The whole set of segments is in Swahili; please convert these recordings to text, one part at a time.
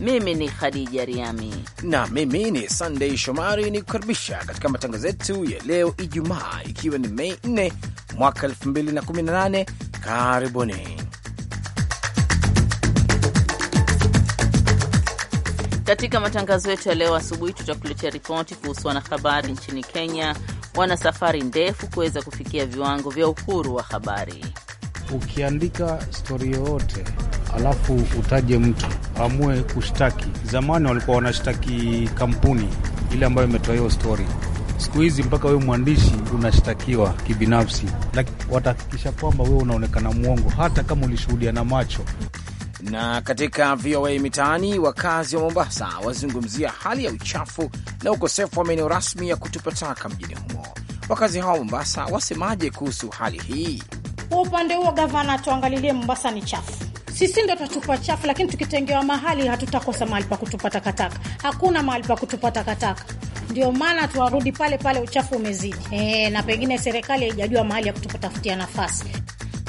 Mimi ni Khadija Riami na mimi ni Sandei Shomari, ni kukaribisha katika matangazo yetu ya leo Ijumaa, ikiwa ni Mei 4 mwaka 2018. Karibuni katika matangazo yetu ya leo asubuhi. Tutakuletea ripoti kuhusu wanahabari nchini Kenya, wana safari ndefu kuweza kufikia viwango vya uhuru wa habari. Ukiandika stori yoyote alafu utaje mtu amue kushtaki. Zamani walikuwa wanashtaki kampuni ile ambayo imetoa hiyo stori. Siku hizi mpaka wewe mwandishi unashtakiwa kibinafsi, lakini watahakikisha kwamba wewe unaonekana mwongo, hata kama ulishuhudia na macho. Na katika VOA Mitaani, wakazi wa Mombasa wazungumzia hali ya uchafu na ukosefu wa maeneo rasmi ya kutupa taka mjini humo. Wakazi hawa wa Mombasa wasemaje kuhusu hali hii? Upande huo, gavana, tuangalilie Mombasa ni chafu sisi ndo tatupa chafu, lakini tukitengewa mahali hatutakosa mahali pa kutupa takataka. Hakuna mahali pa kutupa takataka, ndio maana tuwarudi pale pale, uchafu umezidi. E, na pengine serikali haijajua mahali ya kutupatafutia nafasi.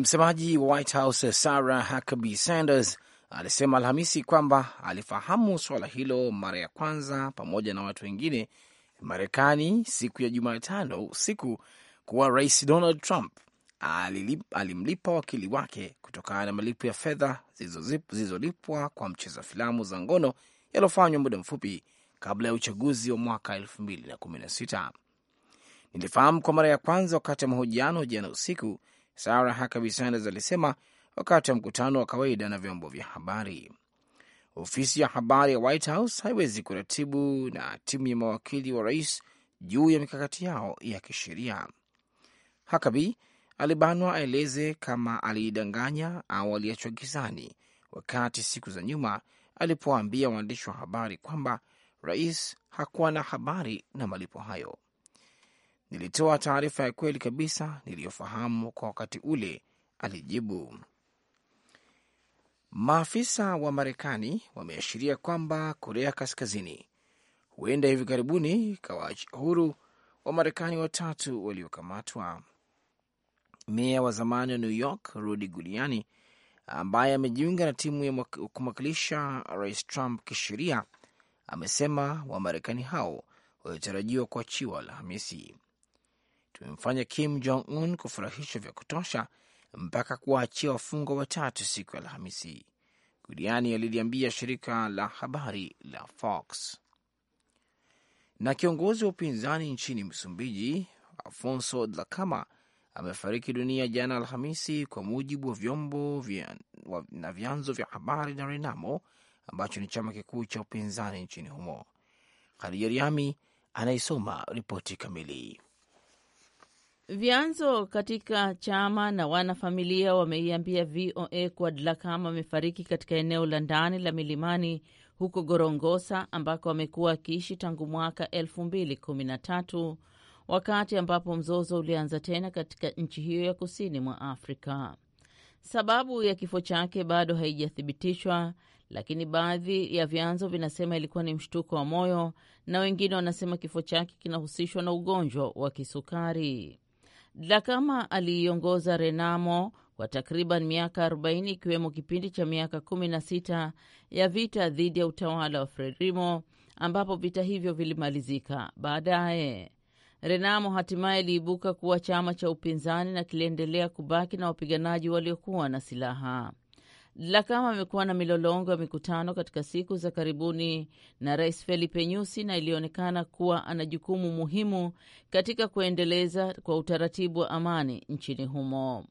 Msemaji wa White House Sarah Huckabee Sanders alisema Alhamisi kwamba alifahamu suala hilo mara ya kwanza pamoja na watu wengine Marekani siku ya Jumatano usiku kuwa Rais Donald Trump alimlipa wakili wake kutokana na malipo ya fedha zilizolipwa kwa mcheza filamu za ngono yaliyofanywa muda mfupi kabla ya uchaguzi wa mwaka 2016. Nilifahamu kwa mara ya kwanza wakati wa mahojiano jana usiku Sarah Huckabee Sanders alisema wakati wa mkutano wa kawaida na vyombo vya habari. Ofisi ya habari ya White House haiwezi kuratibu na timu ya mawakili wa rais juu ya mikakati yao ya kisheria. Huckabee alibanwa aeleze kama aliidanganya au aliachwa gizani wakati siku za nyuma alipowaambia waandishi wa habari kwamba rais hakuwa na habari na malipo hayo nilitoa taarifa ya kweli kabisa niliyofahamu kwa wakati ule, alijibu. Maafisa wa Marekani wameashiria kwamba Korea Kaskazini huenda hivi karibuni kawaachia huru wa Marekani watatu waliokamatwa. Meya wa zamani wa New York Rudy Giuliani, ambaye amejiunga na timu ya kumwakilisha Rais Trump kisheria, amesema Wamarekani hao walitarajiwa kuachiwa Alhamisi tumemfanya Kim Jong Un kufurahishwa vya kutosha mpaka kuwaachia wafungwa watatu siku ya Alhamisi, guriani aliliambia shirika la habari la Fox. Na kiongozi wa upinzani nchini Msumbiji Afonso Dlakama amefariki dunia jana Alhamisi, kwa mujibu wa vyombo vya, na vyanzo vya habari na Renamo ambacho ni chama kikuu cha upinzani nchini humo. Khadija Riami anaisoma ripoti kamili. Vyanzo katika chama na wanafamilia wameiambia VOA kuwa Dhlakama amefariki katika eneo la ndani la milimani huko Gorongosa ambako amekuwa akiishi tangu mwaka 2013 wakati ambapo mzozo ulianza tena katika nchi hiyo ya kusini mwa Afrika. Sababu ya kifo chake bado haijathibitishwa, lakini baadhi ya vyanzo vinasema ilikuwa ni mshtuko wa moyo na wengine wanasema kifo chake kinahusishwa na ugonjwa wa kisukari dlakama aliiongoza Renamo kwa takriban miaka 40 ikiwemo kipindi cha miaka 16 ya vita dhidi ya utawala wa Frelimo ambapo vita hivyo vilimalizika baadaye. Renamo hatimaye iliibuka kuwa chama cha upinzani na kiliendelea kubaki na wapiganaji waliokuwa na silaha. Dhlakama amekuwa na milolongo ya mikutano katika siku za karibuni na Rais felipe Nyusi na ilionekana kuwa ana jukumu muhimu katika kuendeleza kwa utaratibu wa amani nchini humo.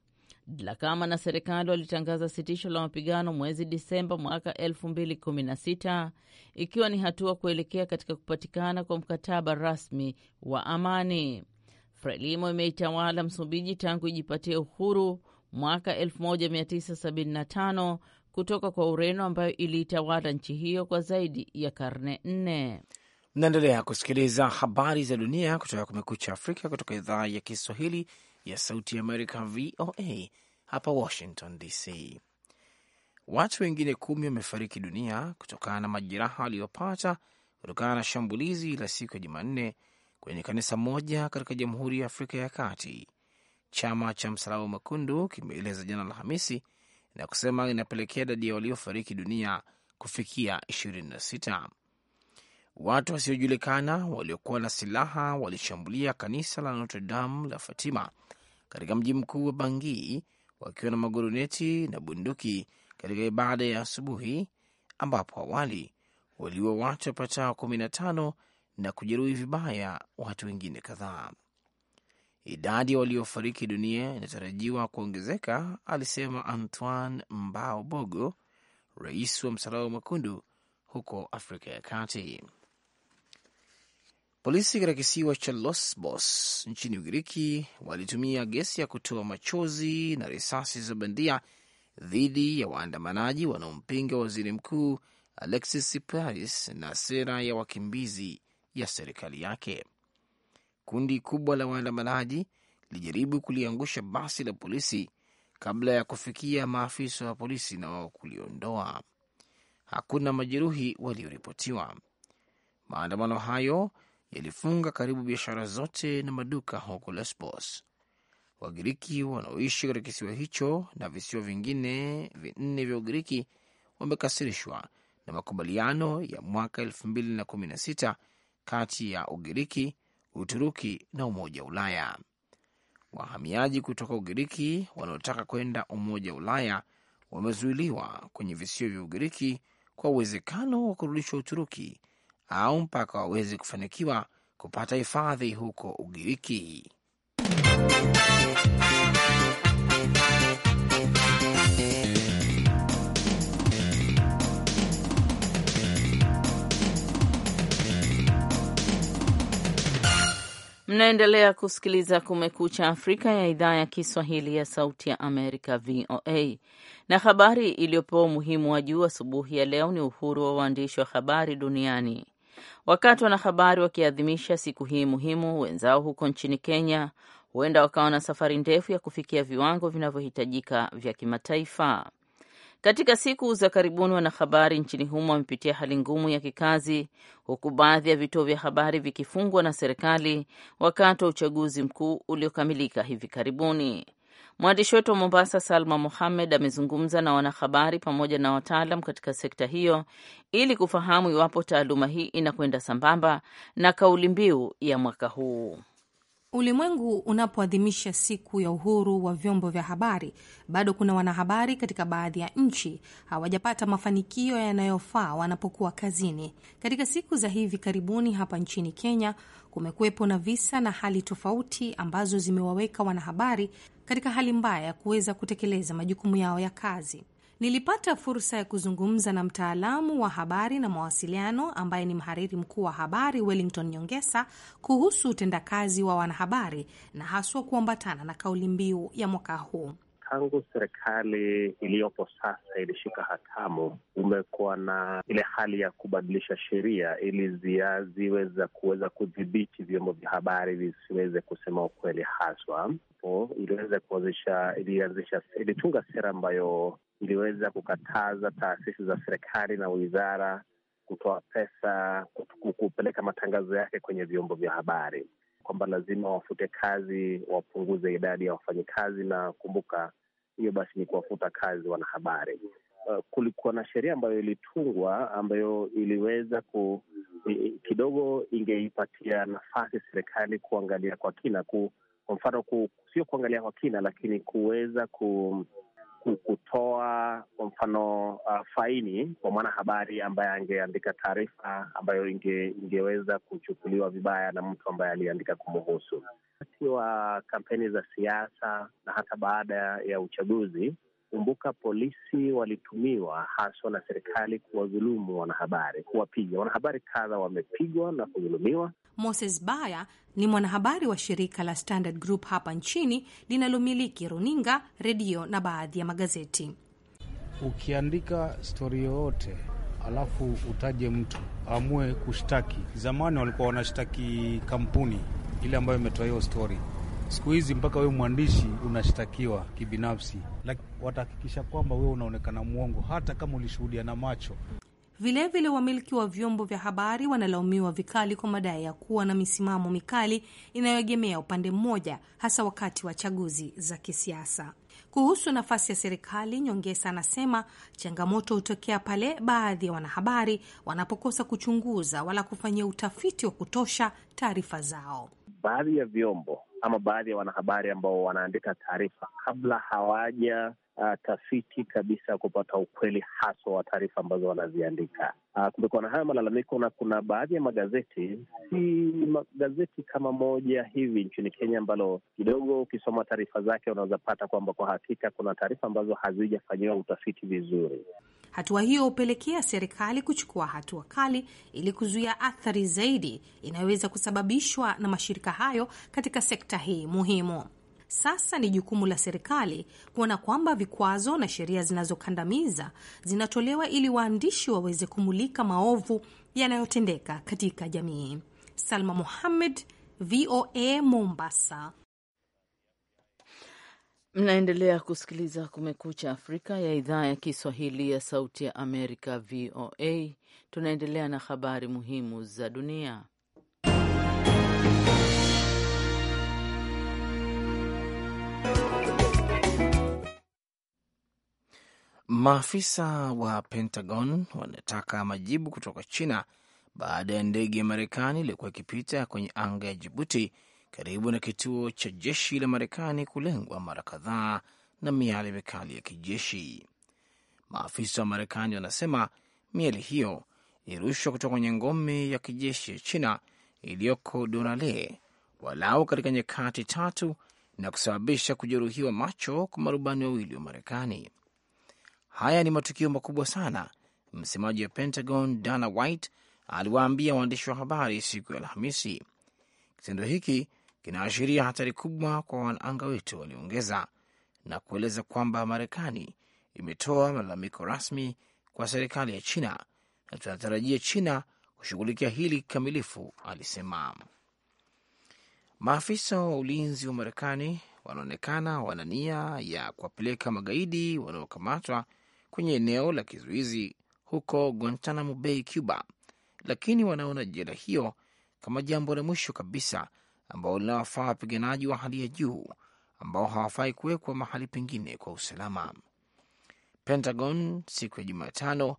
dlakama na serikali walitangaza sitisho la mapigano mwezi Disemba mwaka 2016 ikiwa ni hatua kuelekea katika kupatikana kwa mkataba rasmi wa amani. Frelimo imeitawala Msumbiji tangu ijipatie uhuru mwaka 1975 kutoka kwa Ureno ambayo iliitawala nchi hiyo kwa zaidi ya karne nne. Mnaendelea kusikiliza habari za dunia kutoka Kumekucha Afrika kutoka idhaa ya Kiswahili ya Sauti Amerika, VOA hapa Washington DC. Watu wengine kumi wamefariki dunia kutokana na majeraha waliyopata kutokana na shambulizi la siku ya Jumanne kwenye kanisa moja katika Jamhuri ya Afrika ya Kati, Chama cha Msalaba Mwekundu kimeeleza jana Alhamisi na kusema inapelekea idadi ya waliofariki dunia kufikia 26. Watu wasiojulikana waliokuwa na silaha walishambulia kanisa la Notre Dame la Fatima katika mji mkuu wa Bangi wakiwa na maguruneti na bunduki katika ibada ya asubuhi, ambapo awali waliua watu wapatao 15 na kujeruhi vibaya watu wengine kadhaa. Idadi ya waliofariki dunia inatarajiwa kuongezeka, alisema Antoine Mbaobogo, rais wa Msalaba Mwekundu huko Afrika ya Kati. Polisi katika kisiwa cha Lesbos nchini Ugiriki walitumia gesi ya kutoa machozi na risasi za bandia dhidi ya waandamanaji wanaompinga waziri mkuu Alexis Tsipras na sera ya wakimbizi ya serikali yake kundi kubwa la waandamanaji lilijaribu kuliangusha basi la polisi kabla ya kufikia maafisa wa polisi na wao kuliondoa. Hakuna majeruhi walioripotiwa. Maandamano hayo yalifunga karibu biashara zote na maduka huko Lesbos. Wagiriki wanaoishi katika kisiwa hicho na visiwa vingine vinne vya Ugiriki wamekasirishwa na makubaliano ya mwaka 2016 kati ya Ugiriki Uturuki na Umoja wa Ulaya. Wahamiaji kutoka Ugiriki wanaotaka kwenda Umoja wa Ulaya wamezuiliwa kwenye visio vya Ugiriki kwa uwezekano wa kurudishwa Uturuki au mpaka waweze kufanikiwa kupata hifadhi huko Ugiriki. Mnaendelea kusikiliza Kumekucha Afrika ya idhaa ya Kiswahili ya Sauti ya Amerika, VOA. Na habari iliyopewa umuhimu wa juu asubuhi ya leo ni uhuru wa waandishi wa habari duniani. Wakati wanahabari wakiadhimisha siku hii muhimu, wenzao huko nchini Kenya huenda wakawa na safari ndefu ya kufikia viwango vinavyohitajika vya kimataifa. Katika siku za karibuni, wanahabari nchini humo wamepitia hali ngumu ya kikazi, huku baadhi ya vituo vya habari vikifungwa na serikali wakati wa uchaguzi mkuu uliokamilika hivi karibuni. Mwandishi wetu wa Mombasa, Salma Mohamed, amezungumza na wanahabari pamoja na wataalam katika sekta hiyo ili kufahamu iwapo taaluma hii inakwenda sambamba na kauli mbiu ya mwaka huu. Ulimwengu unapoadhimisha siku ya uhuru wa vyombo vya habari, bado kuna wanahabari katika baadhi ya nchi hawajapata mafanikio yanayofaa wanapokuwa kazini. Katika siku za hivi karibuni hapa nchini Kenya kumekuwepo na visa na hali tofauti ambazo zimewaweka wanahabari katika hali mbaya ya kuweza kutekeleza majukumu yao ya kazi nilipata fursa ya kuzungumza na mtaalamu wa habari na mawasiliano ambaye ni mhariri mkuu wa habari Wellington Nyongesa kuhusu utendakazi wa wanahabari na haswa kuambatana na kauli mbiu ya mwaka huu. Tangu serikali iliyopo sasa ilishika hatamu, umekuwa na ile hali ya kubadilisha sheria ili zia za kuweza kudhibiti vyombo vya habari visiweze kusema ukweli haswa. Iliweza kuanzisha ilianzisha ilitunga sera ambayo iliweza kukataza taasisi za serikali na wizara kutoa pesa, kupeleka matangazo yake kwenye vyombo vya habari, kwamba lazima wafute kazi, wapunguze idadi ya wafanyikazi, na kumbuka hiyo basi ni kuwafuta kazi wanahabari. Uh, kulikuwa na sheria ambayo ilitungwa ambayo iliweza ku kidogo ingeipatia nafasi serikali kuangalia kwa kina ku, kwa mfano sio kuangalia kwa kina, lakini kuweza ku kutoa kwa mfano uh, faini kwa mwanahabari ambaye angeandika taarifa ambayo inge, ingeweza kuchukuliwa vibaya na mtu ambaye aliandika kumuhusu. Wakati wa kampeni za siasa na hata baada ya uchaguzi, kumbuka, polisi walitumiwa haswa na serikali kuwadhulumu wanahabari, kuwapiga wanahabari. Kadha wamepigwa na kudhulumiwa. Moses Baya ni mwanahabari wa shirika la Standard Group hapa nchini linalomiliki runinga, redio na baadhi ya magazeti. Ukiandika stori yoyote alafu utaje mtu amue kushtaki, zamani walikuwa wanashtaki kampuni ile ambayo imetoa hiyo stori. Siku hizi mpaka wewe mwandishi unashtakiwa kibinafsi, watahakikisha kwamba wewe unaonekana mwongo, hata kama ulishuhudia na macho. Vilevile, wamiliki wa vyombo vya habari wanalaumiwa vikali kwa madai ya kuwa na misimamo mikali inayoegemea upande mmoja, hasa wakati wa chaguzi za kisiasa. Kuhusu nafasi ya serikali, Nyongesa anasema changamoto hutokea pale baadhi ya wanahabari wanapokosa kuchunguza wala kufanyia utafiti wa kutosha taarifa zao. Baadhi ya vyombo ama baadhi ya wanahabari ambao wanaandika taarifa kabla hawaja uh, tafiti kabisa kupata ukweli haswa wa taarifa ambazo wanaziandika. Uh, kumekuwa na haya malalamiko, na kuna baadhi ya magazeti, si magazeti kama moja hivi nchini Kenya ambalo kidogo ukisoma taarifa zake unaweza pata kwamba kwa hakika kuna taarifa ambazo hazijafanyiwa utafiti vizuri. Hatua hiyo hupelekea serikali kuchukua hatua kali ili kuzuia athari zaidi inayoweza kusababishwa na mashirika hayo katika sekta hii muhimu. Sasa ni jukumu la serikali kuona kwamba vikwazo na sheria zinazokandamiza zinatolewa ili waandishi waweze kumulika maovu yanayotendeka katika jamii. Salma muhammed VOA Mombasa. Mnaendelea kusikiliza Kumekucha Afrika ya idhaa ya Kiswahili ya Sauti ya Amerika, VOA. Tunaendelea na habari muhimu za dunia. Maafisa wa Pentagon wanataka majibu kutoka China baada ya ndege ya Marekani iliyokuwa ikipita kwenye anga ya Jibuti karibu na kituo cha jeshi la Marekani kulengwa mara kadhaa na miali mikali ya kijeshi. Maafisa wa Marekani wanasema miali hiyo ilirushwa kutoka kwenye ngome ya kijeshi ya China iliyoko Dorale walau katika nyakati tatu na kusababisha kujeruhiwa macho kwa marubani wawili wa Marekani. Haya ni matukio makubwa sana, msemaji wa Pentagon Dana White aliwaambia waandishi wa habari siku ya Alhamisi. Kitendo hiki kinaashiria hatari kubwa kwa wanaanga wetu, waliongeza na kueleza kwamba Marekani imetoa malalamiko rasmi kwa serikali ya China na tunatarajia China kushughulikia hili kikamilifu, alisema. Maafisa wa ulinzi wa Marekani wanaonekana wana nia ya kuwapeleka magaidi wanaokamatwa kwenye eneo la kizuizi huko Guantanamo Bay, Cuba, lakini wanaona jela hiyo kama jambo la mwisho kabisa ambao linawafaa wapiganaji wa hali ya juu ambao hawafai kuwekwa mahali pengine kwa usalama. Pentagon siku ya Jumatano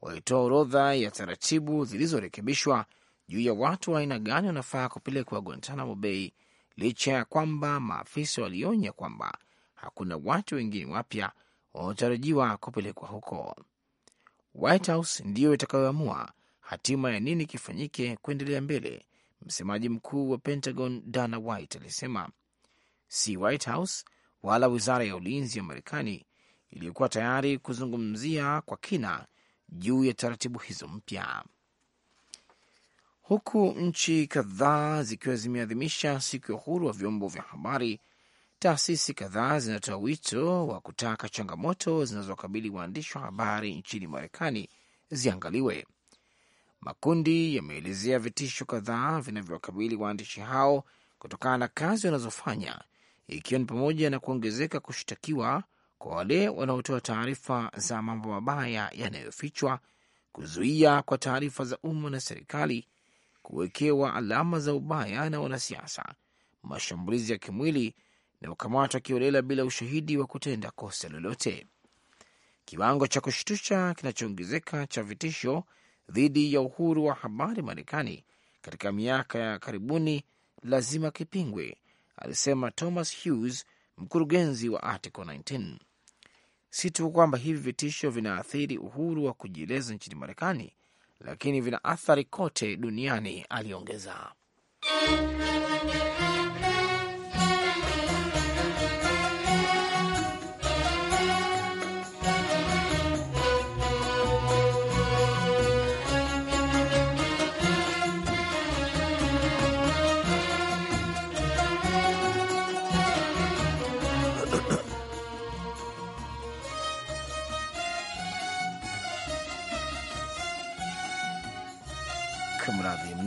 walitoa orodha ya taratibu zilizorekebishwa juu ya watu wa aina gani wanafaa kupelekwa Guantanamo Bay, licha ya kwamba maafisa walionya kwamba hakuna watu wengine wapya wanaotarajiwa kupelekwa huko. White House ndiyo itakayoamua hatima ya nini kifanyike kuendelea mbele, msemaji mkuu wa Pentagon Dana White alisema. Si White House wala wizara ya ulinzi ya Marekani iliyokuwa tayari kuzungumzia kwa kina juu ya taratibu hizo mpya, huku nchi kadhaa zikiwa zimeadhimisha siku ya uhuru wa vyombo vya habari Taasisi kadhaa zinatoa wito wa kutaka changamoto zinazokabili waandishi wa habari nchini Marekani ziangaliwe. Makundi yameelezea vitisho kadhaa vinavyowakabili waandishi hao kutokana na kazi wanazofanya, ikiwa ni pamoja na kuongezeka kushtakiwa kwa wale wanaotoa taarifa za mambo mabaya yanayofichwa, kuzuia kwa taarifa za umma na serikali, kuwekewa alama za ubaya na wanasiasa, mashambulizi ya kimwili na kukamatwa kiolela bila ushahidi wa kutenda kosa lolote. Kiwango cha kushtusha kinachoongezeka cha vitisho dhidi ya uhuru wa habari Marekani katika miaka ya karibuni lazima kipingwe, alisema Thomas Hughes, mkurugenzi wa Article 19. Si tu kwamba hivi vitisho vinaathiri uhuru wa kujieleza nchini Marekani, lakini vina athari kote duniani, aliongeza.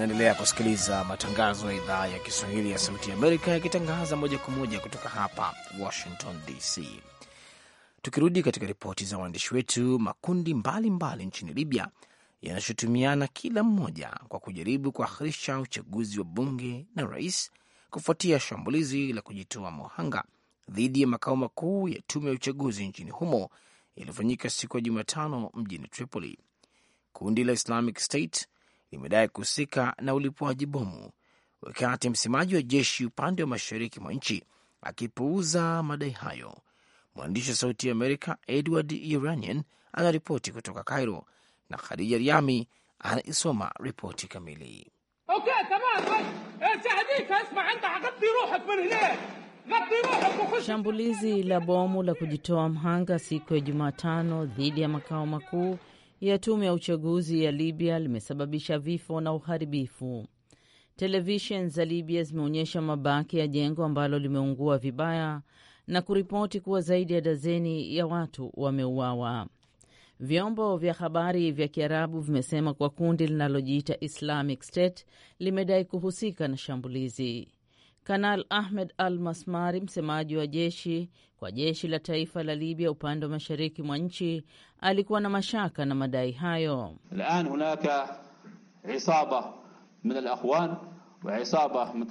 Unaendelea kusikiliza matangazo ya idhaa ya Kiswahili ya Sauti ya Amerika yakitangaza moja kwa moja kutoka hapa Washington DC. Tukirudi katika ripoti za waandishi wetu, makundi mbalimbali mbali nchini Libya yanashutumiana kila mmoja kwa kujaribu kuahirisha uchaguzi wa bunge na rais kufuatia shambulizi la kujitoa muhanga dhidi ya makao makuu ya tume ya uchaguzi nchini humo yaliyofanyika siku ya Jumatano mjini Tripoli. Kundi la Islamic State imedai kuhusika na ulipuaji bomu, wakati msemaji wa jeshi upande wa mashariki mwa nchi akipuuza madai hayo. Mwandishi wa Sauti ya Amerika Edward Iranian anaripoti kutoka Cairo na Khadija Riami anaisoma ripoti kamili. Eh, Shambulizi la bomu la kujitoa mhanga siku ya Jumatano dhidi ya makao makuu ya tume ya uchaguzi ya Libya limesababisha vifo na uharibifu. Televisheni za Libya zimeonyesha mabaki ya jengo ambalo limeungua vibaya na kuripoti kuwa zaidi ya dazeni ya watu wameuawa. Vyombo vya habari vya Kiarabu vimesema kuwa kundi linalojiita Islamic State limedai kuhusika na shambulizi. Kanal Ahmed Al Masmari, msemaji wa jeshi kwa jeshi la taifa la Libya upande wa mashariki mwa nchi. Alikuwa na mashaka na madai hayo. Alan hunaka isaba min alakhwan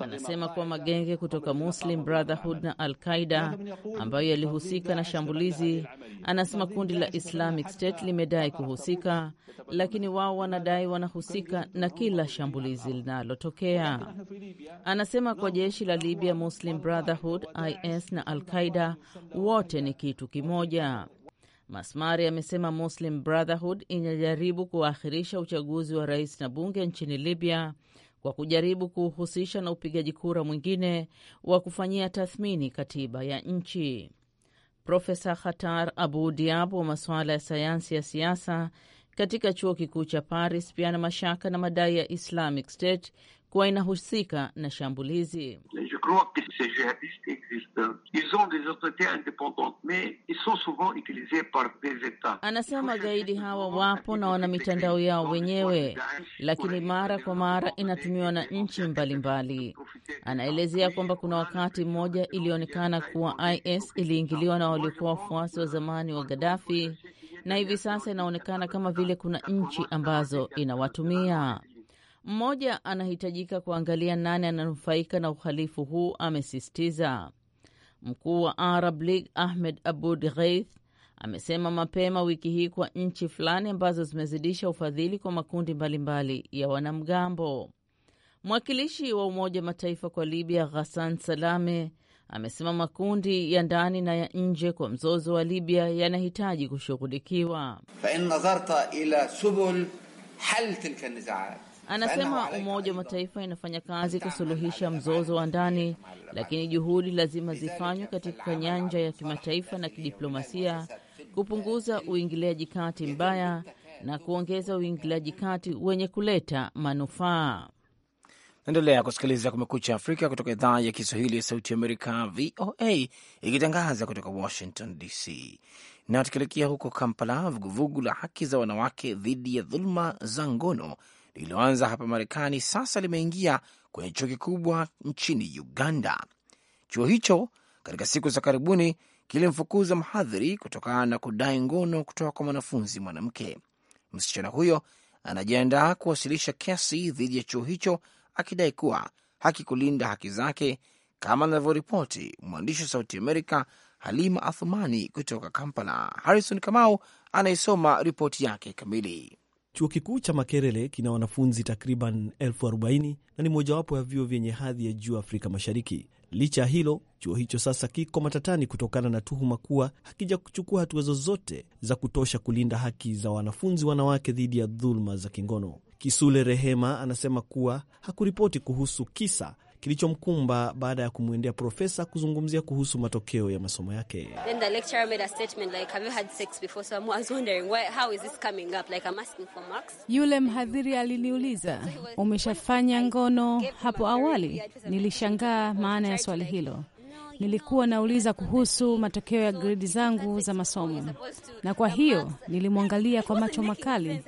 Anasema kuwa magenge kutoka Muslim Brotherhood na Al Qaida ambayo yalihusika na shambulizi. Anasema kundi la Islamic State limedai kuhusika, lakini wao wanadai wanahusika na kila shambulizi linalotokea. Anasema kwa jeshi la Libya, Muslim Brotherhood, IS na Al Qaida wote ni kitu kimoja. Masmari amesema Muslim Brotherhood inajaribu kuahirisha uchaguzi wa rais na bunge nchini Libya kwa kujaribu kuuhusisha na upigaji kura mwingine wa kufanyia tathmini katiba ya nchi. Profesa Khatar Abu Diab wa masuala ya sayansi ya siasa katika chuo kikuu cha Paris pia ana mashaka na madai ya Islamic State kuwa inahusika na shambulizi. Anasema gaidi hawa wapo na wana mitandao yao wenyewe, lakini mara kwa mara inatumiwa na nchi mbalimbali. Anaelezea kwamba kuna wakati mmoja ilionekana kuwa IS iliingiliwa na waliokuwa wafuasi wa zamani wa Gaddafi, na hivi sasa inaonekana kama vile kuna nchi ambazo inawatumia mmoja anahitajika kuangalia nani ananufaika na uhalifu huu, amesisitiza. Mkuu wa Arab League Ahmed Abud Gheith amesema mapema wiki hii kwa nchi fulani ambazo zimezidisha ufadhili kwa makundi mbalimbali mbali ya wanamgambo. Mwakilishi wa Umoja wa Mataifa kwa Libya Ghassan Salame amesema makundi ya ndani na ya nje kwa mzozo wa Libya yanahitaji kushughulikiwa. fain nazarta ila subul hal tilka nizaat Anasema Umoja wa Mataifa inafanya kazi kusuluhisha mzozo wa ndani, lakini juhudi lazima zifanywe katika nyanja ya kimataifa na kidiplomasia kupunguza uingiliaji kati mbaya na kuongeza uingiliaji kati wenye kuleta manufaa. Naendelea kusikiliza Kumekucha Afrika kutoka idhaa ya Kiswahili ya Sauti Amerika, VOA, ikitangaza kutoka Washington DC. Na tukielekea huko Kampala, vuguvugu la haki za wanawake dhidi ya dhuluma za ngono lililoanza hapa Marekani sasa limeingia kwenye chuo kikubwa nchini Uganda. Chuo hicho katika siku za karibuni kilimfukuza mhadhiri kutokana na kudai ngono kutoka kwa mwanafunzi mwanamke. Msichana huyo anajiandaa kuwasilisha kesi dhidi ya chuo hicho akidai kuwa hakikulinda haki zake, kama anavyoripoti mwandishi wa Sauti Amerika Halima Athumani kutoka Kampala. Harrison Kamau anayesoma ripoti yake kamili. Chuo kikuu cha Makerere kina wanafunzi takriban elfu arobaini na ni mojawapo ya vyuo vyenye hadhi ya juu Afrika Mashariki. Licha ya hilo, chuo hicho sasa kiko matatani kutokana na tuhuma kuwa hakija kuchukua hatua zozote za kutosha kulinda haki za wanafunzi wanawake dhidi ya dhuluma za kingono. Kisule Rehema anasema kuwa hakuripoti kuhusu kisa kilichomkumba baada ya kumwendea profesa kuzungumzia kuhusu matokeo ya masomo yake. Yule mhadhiri aliniuliza, umeshafanya ngono hapo awali? Nilishangaa maana ya swali hilo. Nilikuwa nauliza kuhusu matokeo ya gredi zangu za masomo, na kwa hiyo nilimwangalia kwa macho makali.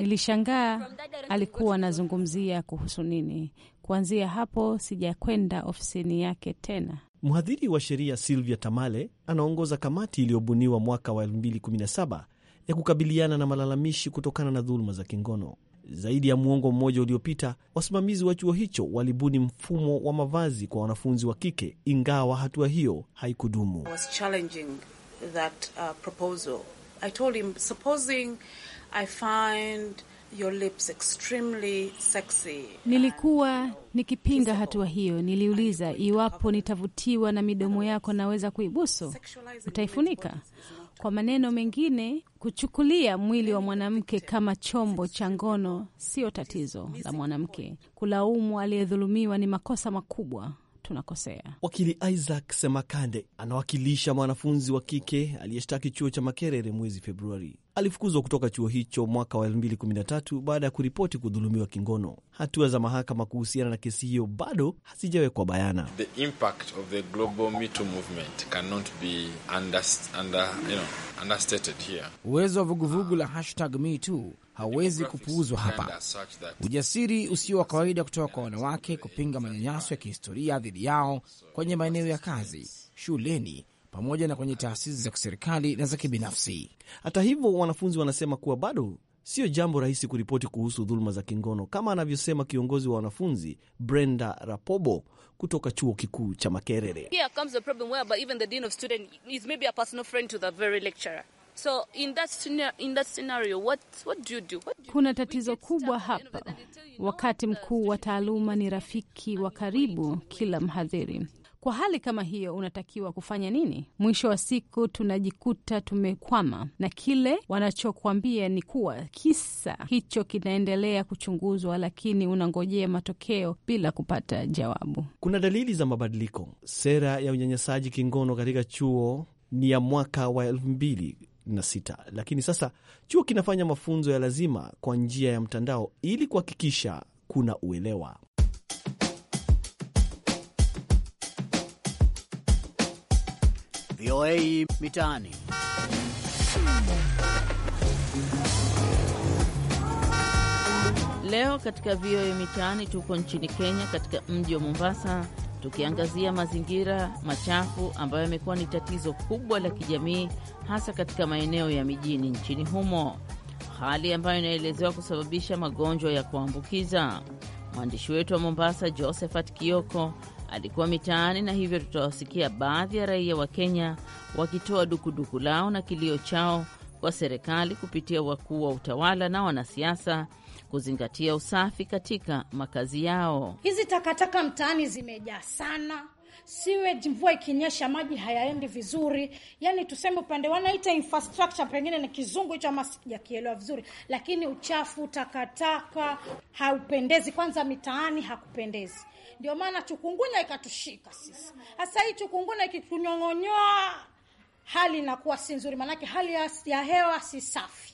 Nilishangaa alikuwa anazungumzia kuhusu nini, Kuanzia hapo sijakwenda ofisini yake tena. Mhadhiri wa sheria Silvia Tamale anaongoza kamati iliyobuniwa mwaka wa 2017 ya kukabiliana na malalamishi kutokana na dhuluma za kingono. Zaidi ya muongo mmoja uliopita, wasimamizi wa chuo hicho walibuni mfumo wa mavazi kwa wanafunzi wa kike, ingawa hatua hiyo haikudumu. I your lips extremely sexy. Nilikuwa nikipinga hatua hiyo, niliuliza iwapo nitavutiwa na midomo yako naweza kuibusu, utaifunika. Kwa maneno mengine, kuchukulia mwili wa mwanamke kama chombo cha ngono sio tatizo la mwanamke. Kulaumu aliyedhulumiwa ni makosa makubwa tunakosea. Wakili Isaac Semakande anawakilisha mwanafunzi wa kike aliyeshtaki chuo cha Makerere mwezi Februari. Alifukuzwa kutoka chuo hicho mwaka wa 2013 baada ya kuripoti kudhulumiwa kingono. Hatua za mahakama kuhusiana na kesi hiyo bado hazijawekwa bayana. The impact of the global Me Too movement cannot be under, under, you know, understated here. Uwezo wa vuguvugu la hashtag Me Too hauwezi kupuuzwa hapa. Ujasiri usio wa kawaida kutoka kwa wanawake kupinga manyanyaso ya kihistoria dhidi yao kwenye maeneo ya kazi, shuleni pamoja na kwenye taasisi za kiserikali na za kibinafsi. Hata hivyo, wanafunzi wanasema kuwa bado sio jambo rahisi kuripoti kuhusu dhuluma za kingono, kama anavyosema kiongozi wa wanafunzi Brenda Rapobo kutoka chuo kikuu cha Makerere. So in that scenario, in that scenario, what, what do you do? What do you... Kuna tatizo kubwa hapa. Wakati mkuu wa taaluma ni rafiki wa karibu kila mhadhiri. Kwa hali kama hiyo, unatakiwa kufanya nini? Mwisho wa siku tunajikuta tumekwama, na kile wanachokwambia ni kuwa kisa hicho kinaendelea kuchunguzwa, lakini unangojea matokeo bila kupata jawabu. Kuna dalili za mabadiliko. Sera ya unyanyasaji kingono katika chuo ni ya mwaka wa elfu mbili sita. Lakini sasa chuo kinafanya mafunzo ya lazima kwa njia ya mtandao ili kuhakikisha kuna uelewa. VOA Mitaani. Leo katika VOA Mitaani tuko nchini Kenya, katika mji wa Mombasa tukiangazia mazingira machafu ambayo yamekuwa ni tatizo kubwa la kijamii hasa katika maeneo ya mijini nchini humo, hali ambayo inaelezewa kusababisha magonjwa ya kuambukiza. Mwandishi wetu wa Mombasa, Josephat Kioko, alikuwa mitaani na hivyo tutawasikia baadhi ya raia wa Kenya wakitoa dukuduku lao na kilio chao kwa serikali kupitia wakuu wa utawala na wanasiasa kuzingatia usafi katika makazi yao. Hizi takataka mtaani zimejaa sana siwe mvua ikinyesha maji hayaendi vizuri. Yani tuseme upande wanaita infrastructure, pengine ni kizungu hicho ama sijakielewa vizuri, lakini uchafu takataka haupendezi. Kwanza mitaani hakupendezi, ndio maana chukungunya ikatushika sisi. Hasa hii chukungunya ikitunyong'onyoa, hali inakuwa si nzuri, maanake hali ya hewa si safi.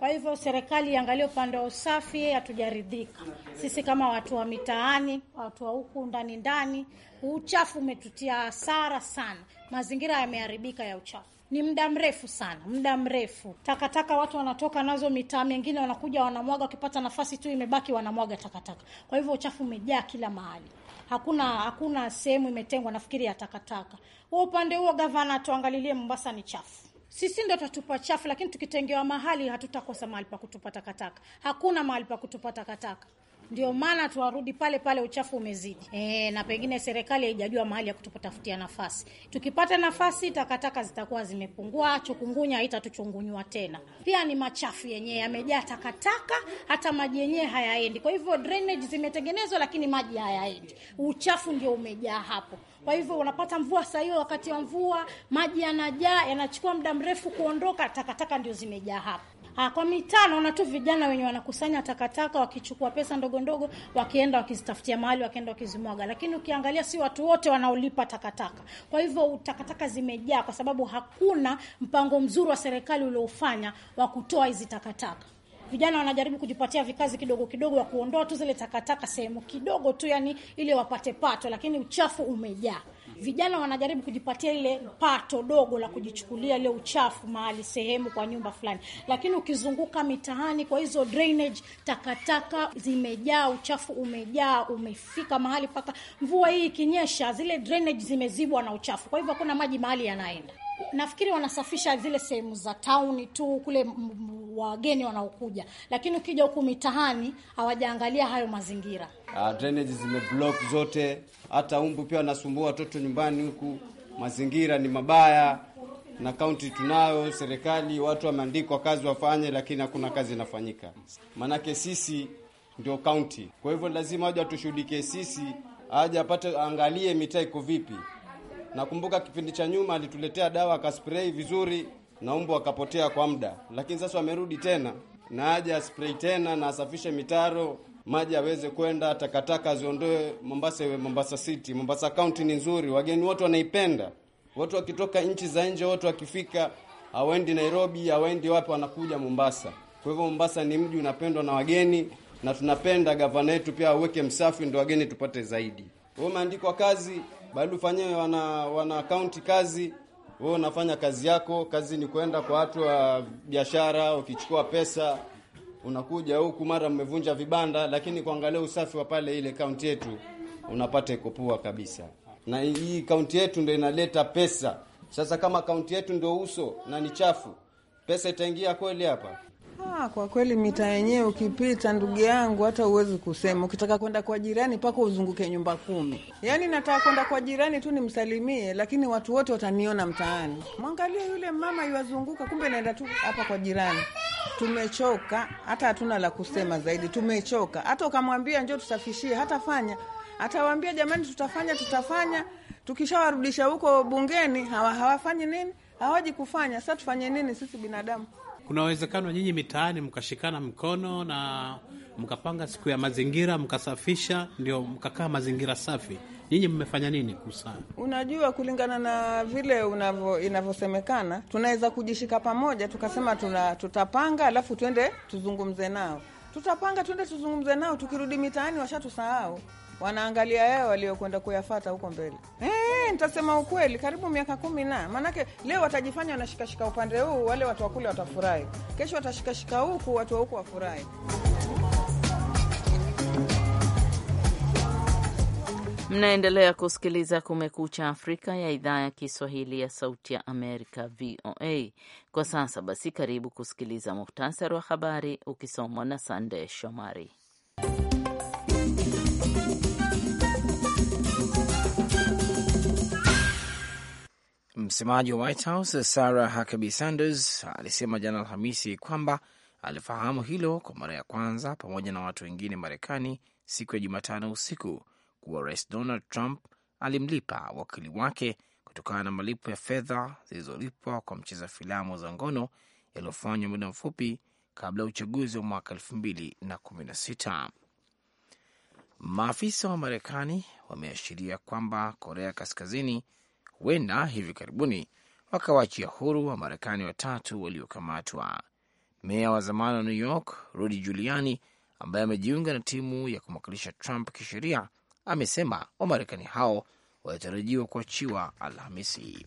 Kwa hivyo serikali iangalie upande wa usafi, hatujaridhika sisi kama watu wa mitaani, watu wa huku ndani ndani. Uchafu umetutia hasara sana, mazingira yameharibika ya uchafu ni muda mrefu sana, muda mrefu. Takataka watu wanatoka nazo mitaa mingine, wanakuja wanamwaga, wakipata nafasi tu imebaki wanamwaga takataka. Kwa hivyo uchafu umejaa kila mahali, hakuna hakuna sehemu imetengwa nafikiri ya takataka. Huo upande huo, gavana tuangalilie, Mombasa ni chafu sisi ndo tatupa chafu, lakini tukitengewa mahali hatutakosa mahali pa kutupa takataka. Hakuna mahali pa kutupa takataka. Ndio maana tuwarudi pale pale, uchafu umezidi e, na pengine serikali haijajua mahali ya kutupatafutia nafasi. Tukipata nafasi, takataka zitakuwa zimepungua, chukungunya haitatuchungunywa tena. Pia ni machafu yenyewe yamejaa takataka, hata maji yenyewe hayaendi. Kwa hivyo drainage zimetengenezwa, lakini maji hayaendi, uchafu ndio umejaa hapo. Kwa hivyo unapata mvua saa hiyo, wakati wa mvua maji yanajaa, yanachukua muda mrefu kuondoka, takataka ndio zimejaa hapo. Ah, kwa mitaa naona tu vijana wenye wanakusanya takataka wakichukua pesa ndogo ndogo wakienda wakizitafutia mahali wakienda wakizimwaga, lakini ukiangalia si watu wote wanaolipa takataka. Kwa hivyo takataka zimejaa kwa sababu hakuna mpango mzuri wa serikali uliofanya wa kutoa hizi takataka vijana wanajaribu kujipatia vikazi kidogo kidogo, wa kuondoa tu zile takataka sehemu kidogo tu, yani ili wapate pato, lakini uchafu umejaa. Vijana wanajaribu kujipatia ile pato dogo la kujichukulia ile uchafu mahali sehemu kwa nyumba fulani, lakini ukizunguka mitaani kwa hizo drainage, takataka zimejaa, uchafu umejaa, umefika mahali mpaka mvua hii ikinyesha, zile drainage zimezibwa na uchafu, kwa hivyo hakuna maji mahali yanaenda. Nafikiri wanasafisha zile sehemu za tauni tu kule wageni wanaokuja, lakini ukija huku mitaani hawajaangalia hayo mazingira. Uh, drainage zimeblock zote, hata umbu pia wanasumbua watoto nyumbani huku. Mazingira ni mabaya, na kaunti tunayo serikali, watu wameandikwa kazi wafanye, lakini hakuna kazi inafanyika, maanake sisi ndio kaunti. Kwa hivyo lazima aje atushughulikie sisi, aje apate, angalie mitaa iko vipi. Nakumbuka kipindi cha nyuma alituletea dawa akaspray vizuri na umbu akapotea kwa muda, lakini sasa wamerudi tena, na aje spray tena na asafishe mitaro maji aweze kwenda, takataka ziondoe Mombasa, iwe Mombasa City. Mombasa County ni nzuri, wageni wote wanaipenda. Watu wakitoka nchi za nje, watu wakifika, hawaendi Nairobi, hawaendi wapi, wanakuja Mombasa. Kwa hivyo Mombasa ni mji unapendwa na wageni, na tunapenda gavana yetu pia aweke msafi, ndio wageni tupate zaidi. Kwa maandiko kazi bado fanyewe wana wana kaunti kazi wewe unafanya kazi yako, kazi ni kwenda kwa watu wa biashara, ukichukua pesa unakuja huku, mara mmevunja vibanda, lakini kuangalia usafi wa pale ile kaunti yetu unapata ikopua kabisa, na hii kaunti yetu ndio inaleta pesa. Sasa kama kaunti yetu ndio uso na ni chafu, pesa itaingia kweli hapa? Ah, kwa kweli mitaa yenyewe ukipita, ndugu yangu, hata huwezi kusema. Ukitaka kwenda kwa jirani pako uzunguke nyumba kumi. Yaani nataka kwenda kwa jirani tu nimsalimie, lakini watu wote wataniona mtaani. Mwangalie yule mama yuwazunguka, kumbe naenda tu hapa kwa jirani. Tumechoka, hata hatuna la kusema zaidi. Tumechoka, hata ukamwambia njoo tusafishie, hatafanya. Atawaambia jamani, tutafanya tutafanya. Tukishawarudisha huko bungeni hawa, hawafanyi nini? Hawaji kufanya. Sasa tufanye nini sisi binadamu? Kuna uwezekano nyinyi mitaani mkashikana mkono na mkapanga siku ya mazingira, mkasafisha, ndio mkakaa mazingira safi. Nyinyi mmefanya nini kusa? Unajua, kulingana na vile unavyo inavyosemekana, tunaweza kujishika pamoja tukasema tuna, tutapanga alafu tuende tuzungumze nao tutapanga tuende tuzungumze nao, tukirudi mitaani washatusahau wanaangalia yao waliokwenda kuyafata huko mbele. E, nitasema ukweli, karibu miaka kumi na maanake, leo watajifanya wanashikashika upande huu, wale watu wakule watafurahi, kesho watashikashika huku, watu wa huku wafurahi. Mnaendelea kusikiliza Kumekucha Afrika ya idhaa ya Kiswahili ya Sauti ya Amerika, VOA. Kwa sasa basi, karibu kusikiliza muhtasari wa habari ukisomwa na Sandey Shomari. Msemaji wa White House Sarah Huckabee Sanders alisema jana Alhamisi kwamba alifahamu hilo kwa mara ya kwanza pamoja na watu wengine Marekani siku ya Jumatano usiku kuwa Rais Donald Trump alimlipa wakili wake kutokana na malipo ya fedha zilizolipwa kwa mcheza filamu za ngono yaliyofanywa muda mfupi kabla ya uchaguzi wa mwaka elfu mbili na kumi na sita. Maafisa wa Marekani wameashiria kwamba Korea Kaskazini huenda hivi karibuni wakawachia huru wa Marekani watatu waliokamatwa. Meya wa zamani wa New York Rudy Giuliani, ambaye amejiunga na timu ya kumwakilisha Trump kisheria, amesema Wamarekani hao walitarajiwa kuachiwa Alhamisi.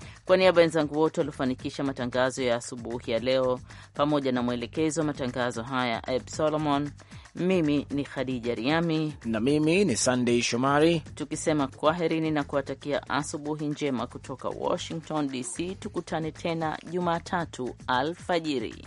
Kwa niaba ya wenzangu wote waliofanikisha matangazo ya asubuhi ya leo, pamoja na mwelekezi wa matangazo haya Eb Solomon, mimi ni Khadija Riami na mimi ni Sandey Shomari, tukisema kwaherini na kuwatakia asubuhi njema kutoka Washington DC. Tukutane tena Jumatatu alfajiri.